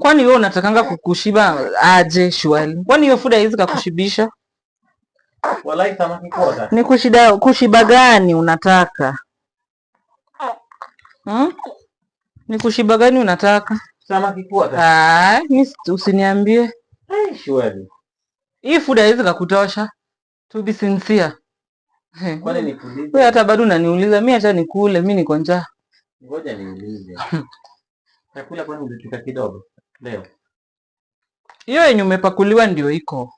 Kwani wewe unatakanga kukushiba aje shwali? Kwani hiyo fuda hizi kakushibisha? Walai samaki koda. Ni kushida kushiba gani unataka? Hmm? Ni kushiba gani unataka? Samaki koda. Ah, usiniambie. Hey, shwali. Hii fuda hizi kakutosha? To be sincere. Wewe hata bado unaniuliza, mimi acha nikule, mimi niko njaa. Ngoja niulize. Chakula kwani ulipika kidogo leo? Hiyo yenye umepakuliwa ndio iko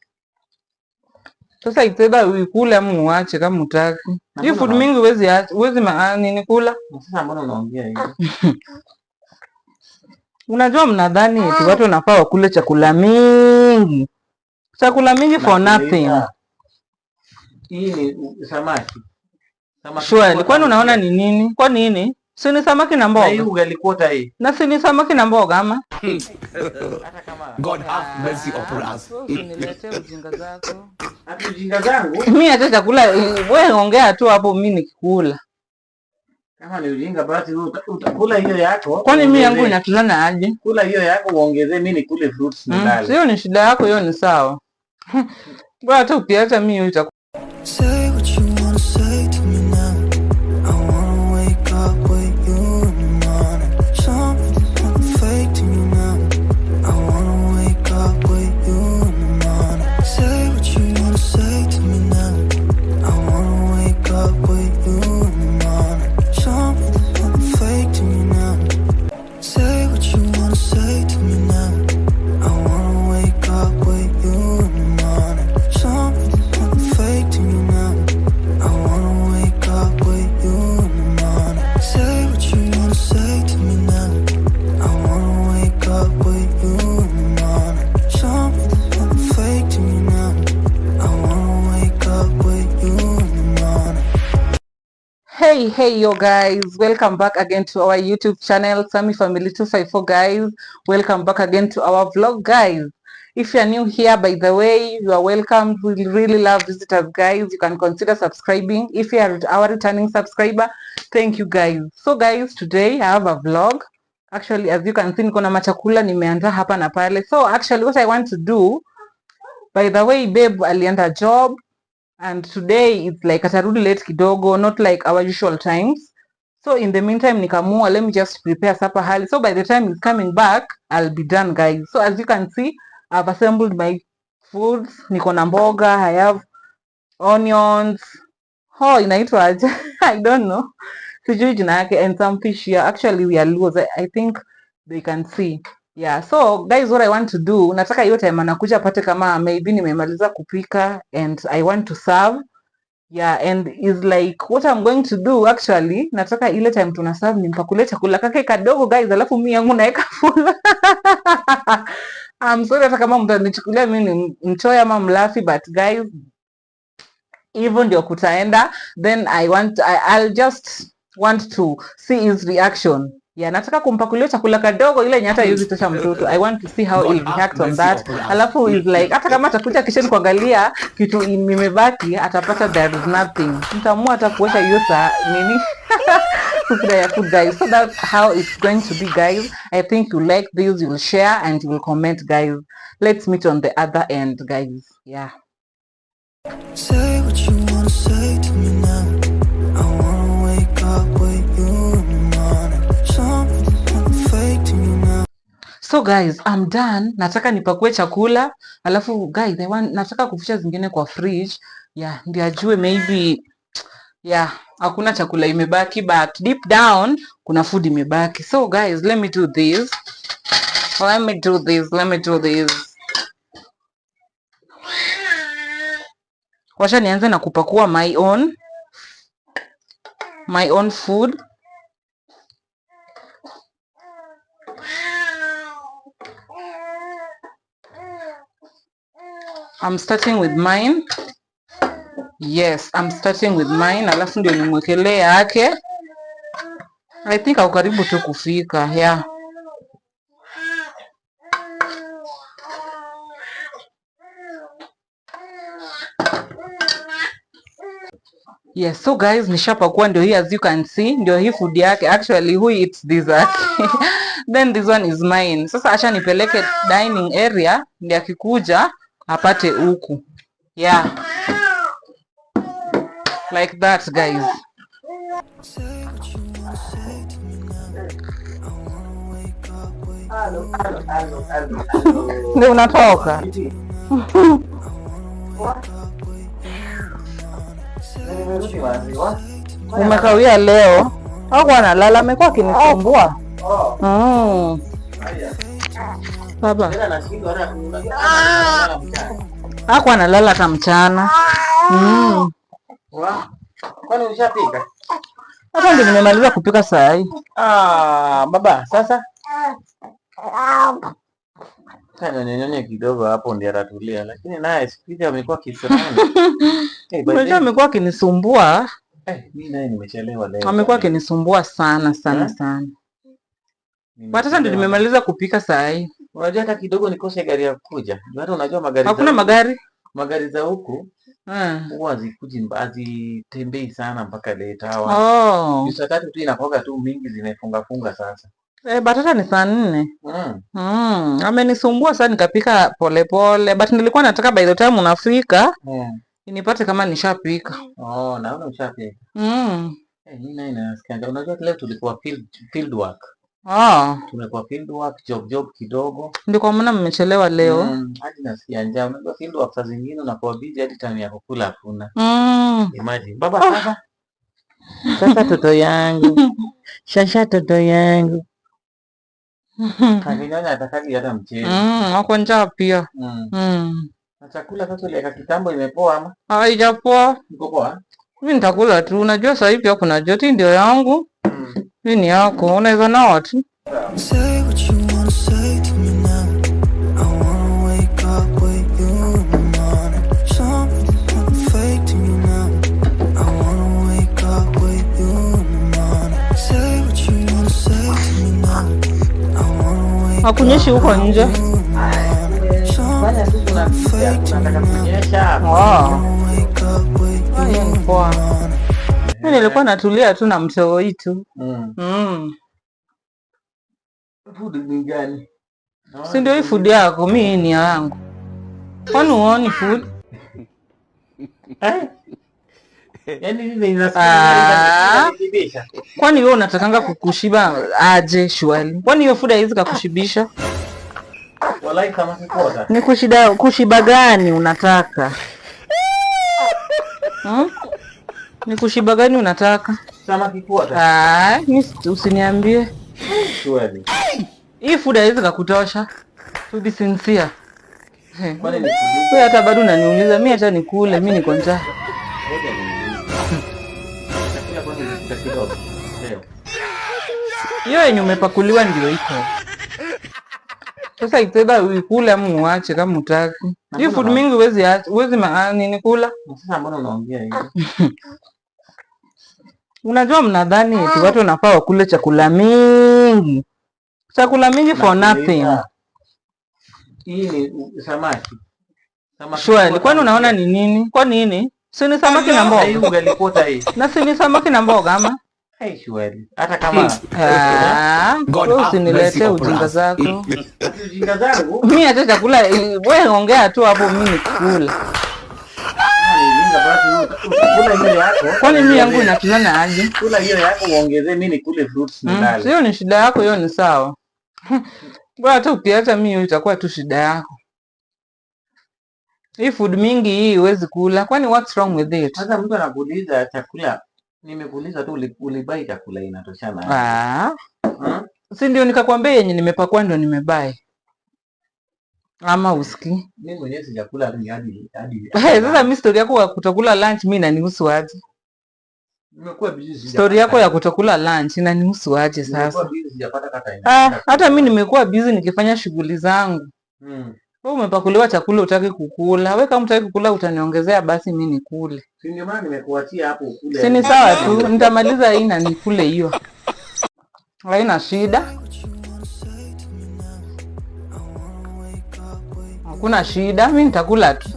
sasa, iteba uikule ama uache kama utaki. Hii food mingi uwezi acha, uwezi maani ah, ni kula. Sasa mbona unaongea hivi? Unajua, mnadhani eti ah. watu wanafaa wakule chakula mingi, chakula mingi for nothing. Hii ni samaki. Samaki. Sure, kwani unaona ni nini? Kwa nini? Si ni samaki na mboga. Na hii ugali kwota hii. Na si ni samaki na mboga ama? Hata God have mercy upon us. Niletee ujinga Hata zangu. Mimi hata chakula wewe ongea tu hapo mimi nikikula. Kama ni ujinga basi utakula hiyo yako. Kwani mi yangu inatulana aje? Kula hiyo yako uongezee mimi nikule fruits nilale. Hmm, sio ni shida yako hiyo ni sawa. Bora hata ukiacha mimi itakuwa. hey hey yo guys welcome back again to our youtube channel sami family 254 guys welcome back again to our vlog guys if you are new here by the way you are welcome we really love visitors guys you can consider subscribing if you are our returning subscriber thank you guys so guys today i have a vlog actually as you can see niko na machakula nimeanza hapa na pale so actually what i want to do by the way babe alienda job and today it's like atarudi late kidogo not like our usual times so in the meantime nikamua let me just prepare supper hali so by the time he's coming back i'll be done guys so as you can see i've assembled my foods niko na mboga i have onions oh inaitwa aje i don't know sijui jina yake and some fish here actually we are lose i think they can see Yeah, so guys what I want to do, nataka hiyo time anakuja pate kama maybe nimemaliza kupika and I want to serve. Yeah, and is like what I'm going to do actually, nataka ile time tuna serve nimpakulie chakula kake kadogo guys, alafu mi yangu naweka full. I'm sorry hata kama mtanichukulia mimi ni mchoyo ama mlafi but guys hivyo ndio kutaenda then I want I, I'll just want to see his reaction. Yeah, nataka kumpakulia chakula kadogo ile yenye hata yuzi tosha mtoto. I want to see how he reacts on that. Alafu is like hata kama atakuja kisheni kuangalia kitu imebaki atapata there is nothing. mtamua hata kuosha hiyo saa nini? Kukula ya food guys. So that's how it's going to be guys. I think you like this, you will share and you will comment guys. Let's meet on the other end guys. Yeah. Say what you So guys, I'm done. Nataka nipakue chakula. Alafu guys, I want, nataka kufisha zingine kwa fridge. Yeah, ndio ajue maybe yeah, hakuna chakula imebaki but deep down kuna food imebaki. So guys, let me do this. Let me do this. Let me do this. washa nianze na kupakua my own my own food. I'm starting with mine. Yes, I'm starting with mine, alafu ndio nimwekelee yake. I think au karibu tu kufika yeah. Yes, so guys, nishapakua ndio hii, as you can see, ndio hii food yake. Actually who eats this then this one is mine. Sasa acha nipeleke dining area, ndio akikuja apate huku. Yeah. Like that guys. ndi unatoka. Umekawia leo au analala, amekuwa akinisumbua. Oh. Mm baba ah! hako analala hata mchana. Ah! Mm. Hapa ndio nimemaliza kupika saa hii. Ah, baba sasa ah! nyonye kidogo hapo ndio atatulia, lakini naye siku hizi amekuwa kisirani. Unajua amekuwa akinisumbua, eh, amekuwa akinisumbua sana sana eh? sana. Watata ndio nimemaliza kupika saa hii. Unajua hata kidogo nikose gari ya kuja. Hata unajua magari. Hakuna magari. Magari za huku ah. huwa hazikuji hazitembei sana mpaka leta hawa Oh. Saa tatu tu inakoga tu mingi zimefunga funga sasa. Eh, batata ni saa nne. Mm. Mm. Amenisumbua sana nikapika polepole. But nilikuwa nataka by the time unafika. Mm. inipate kama nishapika. Oh, naona ushapika. Mm. Eh, hey, nina nasikia. Unajua leo tulikuwa field, field work. Ah. Tumekuwa field work, job job kidogo. Ndio kwa maana mmechelewa leo. Mm, hadi nasikia njaa. Unajua field work saa zingine unakuwa busy hadi time ya kukula hakuna. Mm. Imagine. Baba ah. Sasa. Sasa toto yangu. Shasha toto yangu. Kanyonya atakagi hata mchele. Mm, wako njaa pia. Mm. Mm. Na chakula sasa ile kitambo imepoa ama? Haijapoa. Iko poa? Mimi nitakula tu, unajua sasa hivi kuna joti, ndio yangu mimi ni yako, unaweza nawa tu. Hakunyeshi huko nje? poa. nilikuwa eh. natulia tu na mtoo itu mm. mm. si ndio hii yako, mi nia yangu, kwani uoni food eh? yaani ah. Kwani we unatakanga kukushiba aje shwali? Kwani hiyo fudi haizi kakushibisha Ni kushida, kushiba gani unataka? Hmm? Ni kushiba gani unataka? Samaki kwa ta. Ah, usiniambie. Kweli. Hii food haiwezi kukutosha. To be sincere. Wewe hata bado unaniuliza mimi hata nikule, mimi niko njaa. Hiyo yenye umepakuliwa ndio iko. Sasa ipeba uikule ama uache kama utaki. Hii food mingi uwezi, uwezi maani ah, nikula. Sasa mbona unaongea hivi? Unajua, mnadhani eti ah. watu wanafaa wakule chakula mingi, chakula mingi for nothing. Hii ni samaki. Samaki. Kwani unaona ni nini? Kwa nini? Si ni samaki na mboga. Na si ni samaki na mboga ama? Hata kama ah, usiniletee ujinga zako. Mimi hata chakula wewe ongea tu hapo, mimi nikula Kwani mi yangu inakinana aje? Kula hiyo yako nikule fruits hmm, Hiyo ni shida yako, hiyo ni sawa. Bora hata ukiacha mi hiyo itakuwa tu shida yako. Hii food mingi hii huwezi kula. Kwani what's wrong with it? Sasa mtu anakuuliza chakula, nimekuuliza tu ulibai chakula inatoshana. Ah. Hmm? Si ndio nikakwambia yenye nimepakwa ndio nimebai ama uski Mimi mwenyewe sijakula hadi hadi. Sasa mimi story yako ya kutokula lunch mimi inanihusu aje? Nimekuwa busy. Story yako ya kutokula lunch inanihusu aje sasa? Ah, hata mimi nimekuwa busy nikifanya shughuli zangu. Mm. Wewe umepakuliwa chakula utaki kukula. Wewe kama utaki kukula utaniongezea basi mimi nikule. Si ndio maana hapo ukule. Si ni sawa tu, nitamaliza hii na nikule hiyo. Haina shida. hakuna shida, mi nitakula tu.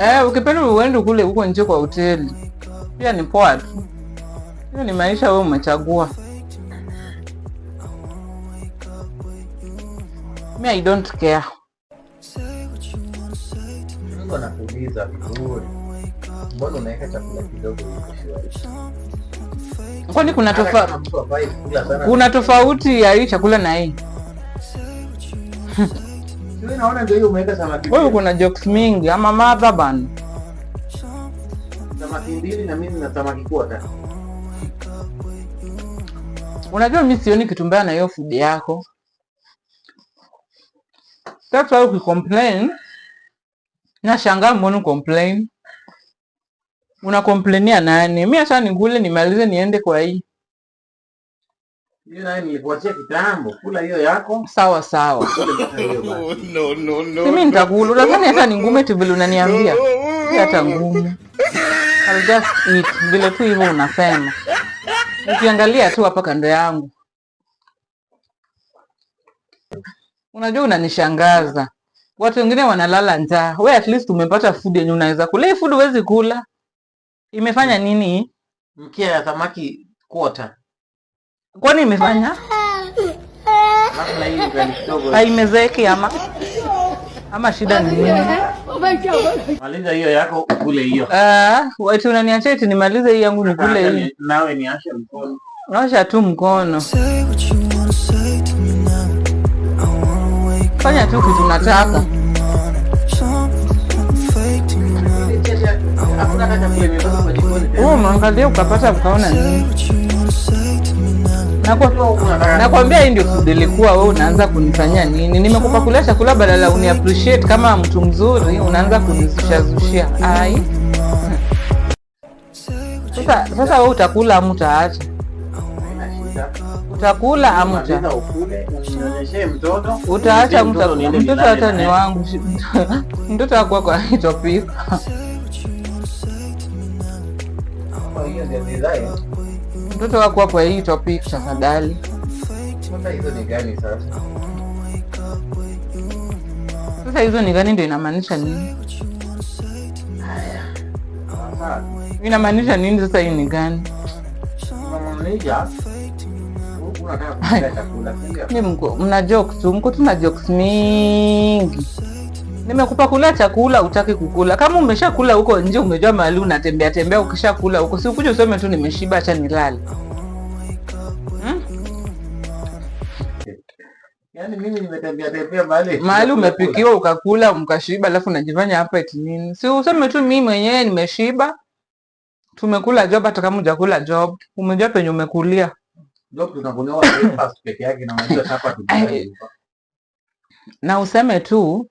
Eh, ukipenda uende kule huko nje kwa hoteli, pia ni poa tu. Hiyo ni maisha, wewe umechagua. Mi I don't care. Mbona unaweka chakula kidogo? Kwani kuna tofa... kuna tofauti ya hii chakula na hii? Wewe kuna jokes mingi ama madha bana. Unajua mi sioni kitu mbaya na hiyo fudi yako. Sasa na nashangaa mbona complain? Unakomplainia nani? Mi acha nigule nimalize niende kwa hii. Nilikuachia kitambo, kula hiyo yako. Sawa sawa. No, no, no. Mimi nitakula. Unadhani hata ningume tu vile unaniambia? Hata ngumu. I'll just eat vile tu hivyo unasema. Ukiangalia tu hapa kando yangu. Unajua unanishangaza. Watu wengine wanalala njaa. We at least umepata food yenye unaweza kula. Hii food huwezi kula. Imefanya mm. nini? Mkia ya samaki kuota. Kwani imefanya? Haimezeeki ama ama shida ni nini? Maliza hiyo yako kule hiyo. Ah, wewe unaniacha eti nimalize hii yangu nikule hiyo. Nawe niache mkono. Naosha tu mkono. Fanya tu kitu nataka. ukaangalia ukapata ukaona Nakwambia hii ndio kudelikuwa wewe unaanza kunifanyia nini? Nimekupakulia chakula badala uni appreciate kama mtu mzuri, unaanza kunizushazushia zushia. Ai. Sasa sasa wewe utakula ama utaacha? Utakula ama utaacha? Utaacha mtoto, mtoto hata ni wangu. Mtoto wako haitopika. Mtoto wako hapo hii topic tafadhali. Sasa hizo ni gani sasa? Sasa hizo ni gani ndio inamaanisha nini? Inamaanisha nini sasa hii ni gani? Mnajokes, mko tuna jokes mingi nimekupa kula chakula, utaki kukula. Kama umeshakula huko nje, umejua mahali unatembea tembea, ukishakula huko, si ukuja useme tu nimeshiba, acha nilale. Hmm? Yaani mimi nimetembea tembea mahali. Mahali umepikiwa ukakula mkashiba alafu najifanya hapa eti nini? Si useme tu mimi mwenyewe nimeshiba. Tumekula job hata kama hujakula job. Umejua penye umekulia. Job breakfast peke yake na unajua hapa Na useme tu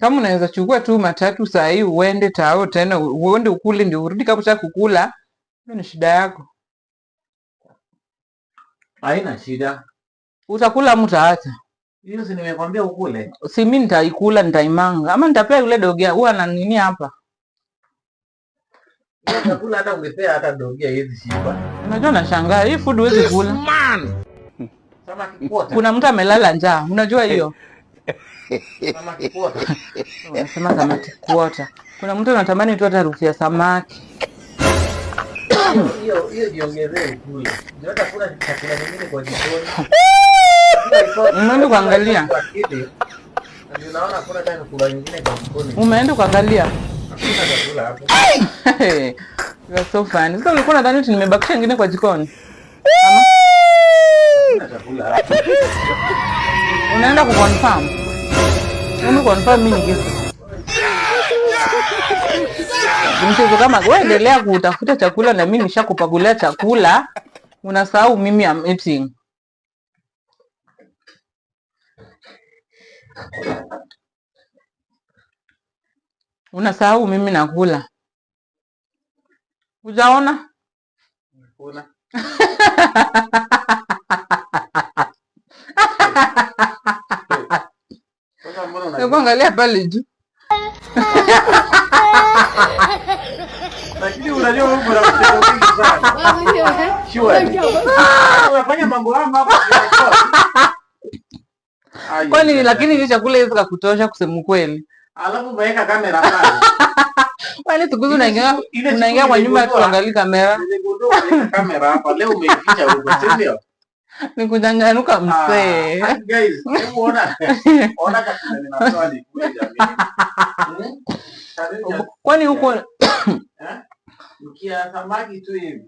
Kama unaweza chukua tu matatu saa hii uende tao tena uende ukule ndio urudi kama cha kukula, hiyo ni shida yako. Haina shida. Utakula mtaacha. Hiyo si nimekwambia ukule. Si mimi nitaikula nitaimanga ama nitapea yule dogia huwa na nini hapa. Utakula hata ungepea hata dogia hizi shiba. Unajua nashangaa hii food huwezi kula. Kuna mtu amelala njaa, unajua hiyo. Eh, Unasema samaki kuota. Kuna mtu anatamani tu hata harufu ya samaki. Hiyo hiyo jiongezee kule. Ndio kuna chakula kingine kwa jikoni. Umeenda kuangalia? Umeenda kuangalia? You are so funny. Sasa ulikuwa unadhani eti nimebakisha ingine kwa jikoni? Unaenda kuconfirm? Mimi confirm mimi Mchezo kama wewe endelea kutafuta chakula na mimi nishakupagulia chakula, unasahau mimi am eating. Unasahau mimi nakula. Ujaona? Alikuwa angalia pale juu. Lakini unajua huko na mchezo mwingi sana. Unafanya mambo haya hapa. Kwani lakini ni chakula hizo kakutosha kusema kweli. Alafu umeweka kamera pale. unaingia unaingia kwa nyumba tuangalie kamera. Kamera hapa leo umeificha huko, ni mseekwani huko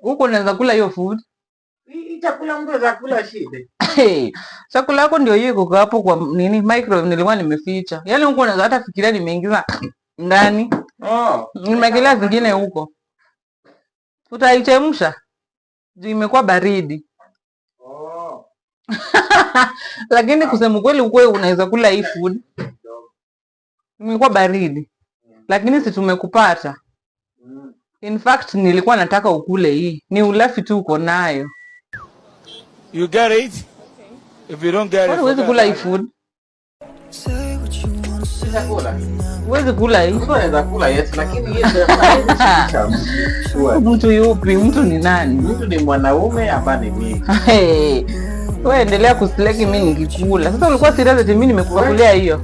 huko kula hiyo food? Chakula yako ndio hiyo iko hapo kwa nini micro nilikuwa nimeficha. Yaani huko unaweza hata fikiria nimeingiza ndani. nimekelea zingine huko, utaichemsha juu imekuwa baridi. lakini kusema ukweli ukwe unaweza kula hii food, imekuwa baridi lakini si tumekupata. In fact nilikuwa nataka ukule hii, ni ulafi tu uko nayo. You get it? Okay. If you don't get it, huwezi kula hii food, huwezi kula hii. Mtu yupi? Mtu ni nani? Mtu ni mwanaume hapa ni mimi. Wewe endelea kusleki mimi nikikula. Sasa ulikuwa serious eti mimi nimekukulia hiyo.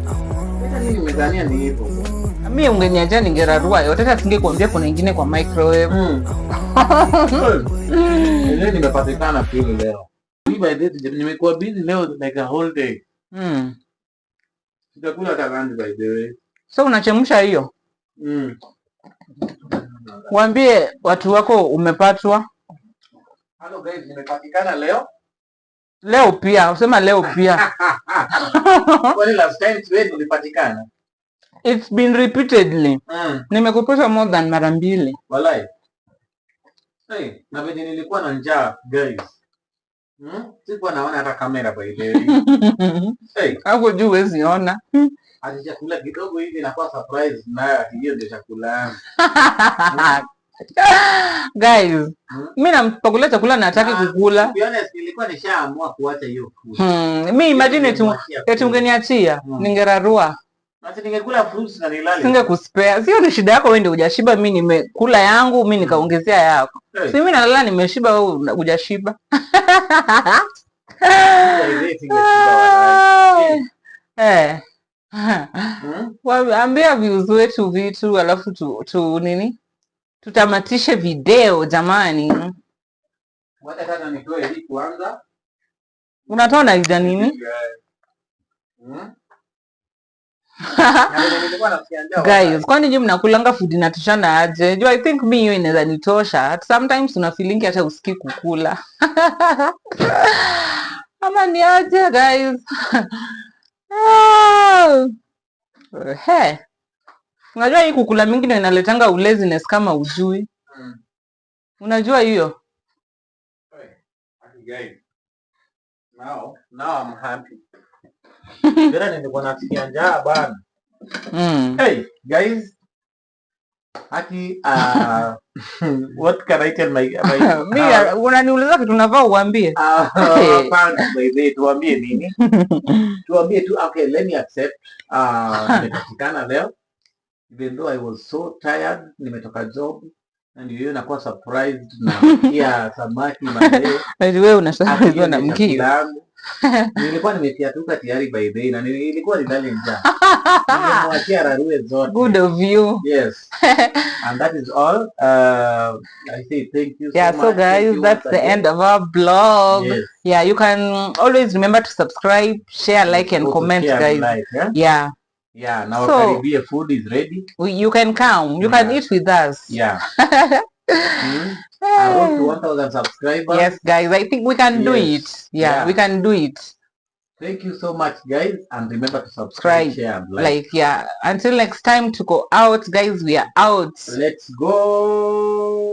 Mimi ungeniacha ningerarua yote hata singekuambia kuna nyingine kwa microwave. Hmm. Leo nimepatikana pili leo. Mimi by the way nimekuwa busy leo like a whole day. Mm. Sitakula hata lunch by the way. So unachemsha hiyo? Mm. Waambie watu wako umepatwa. Hello guys, nimepatikana leo. Leo pia usema leo pia Kwani last time ulipatikana? It's been repeatedly. Mm. nimekupata more than mara mbili. na nilikuwa na njaa guys. Hmm? Sikuwa naona hata kamera Hapo juu huwezi ona. Ati chakula kidogo hivi na kwa surprise chakula. guys, hmm? Mi nampakulia chakula nataki na ah, kukula. Nilikuwa nishaamua kuacha hiyo. Hmm, mi imagine tu eti ungeniachia hmm. Ningerarua. Ningekula fruits na nilale. Singekuspea. Sio ni shida yako wewe ndio hujashiba, mi nimekula yangu, mi nikaongezea yako. Si mi nalala nimeshiba, wewe hujashiba. Eh. Waambia views wetu vitu alafu tu, tu nini? tutamatishe video jamani. Unatoa naiza nini? Hmm? Guys, kwani je, mnakulanga food inatoshana aje? Juu I think mi hiyo inaweza nitosha. Sometimes una feeling hata usiki kukula ama ni aje guys? oh. Hey. Unajua hii kukula mingi ndio inaletanga ulaziness kama ujui. Mm. Unajua hiyo? Hey, now, now I'm happy. njaa bana. Mm. Hey, guys. uh, what can I tell my, my Mia, uh, unaniuliza kitu navaa uambie. baby, uh, tuambie nini? Tuambie tu okay, let me accept uh, leo even though I was so tired, nimetoka job and you nakuwa surprised na samaki wewe una surprise na mkio nilikuwa nimetia nimefiatuka tayari by day na nilikuwa nilale njaa. Nimemwachia rarue zote. Good of you. Yes. And that is all. Uh, I say thank you so yeah, much. So guys, that's the end of our blog. Yes. Yeah, you can always remember to subscribe, share, like and comment guys. Like, eh? Yeah. Yeah, now so, Caribbean food is ready. We, you can come. You yeah. can eat with us. Yeah. mm. Around 1,000 subscribers. Yes, guys. I think we can yes. do it. Yeah, yeah, we can do it. Thank you so much, guys. And remember to subscribe, share, like. like. Yeah. Until next time to go out, guys. We are out. Let's go.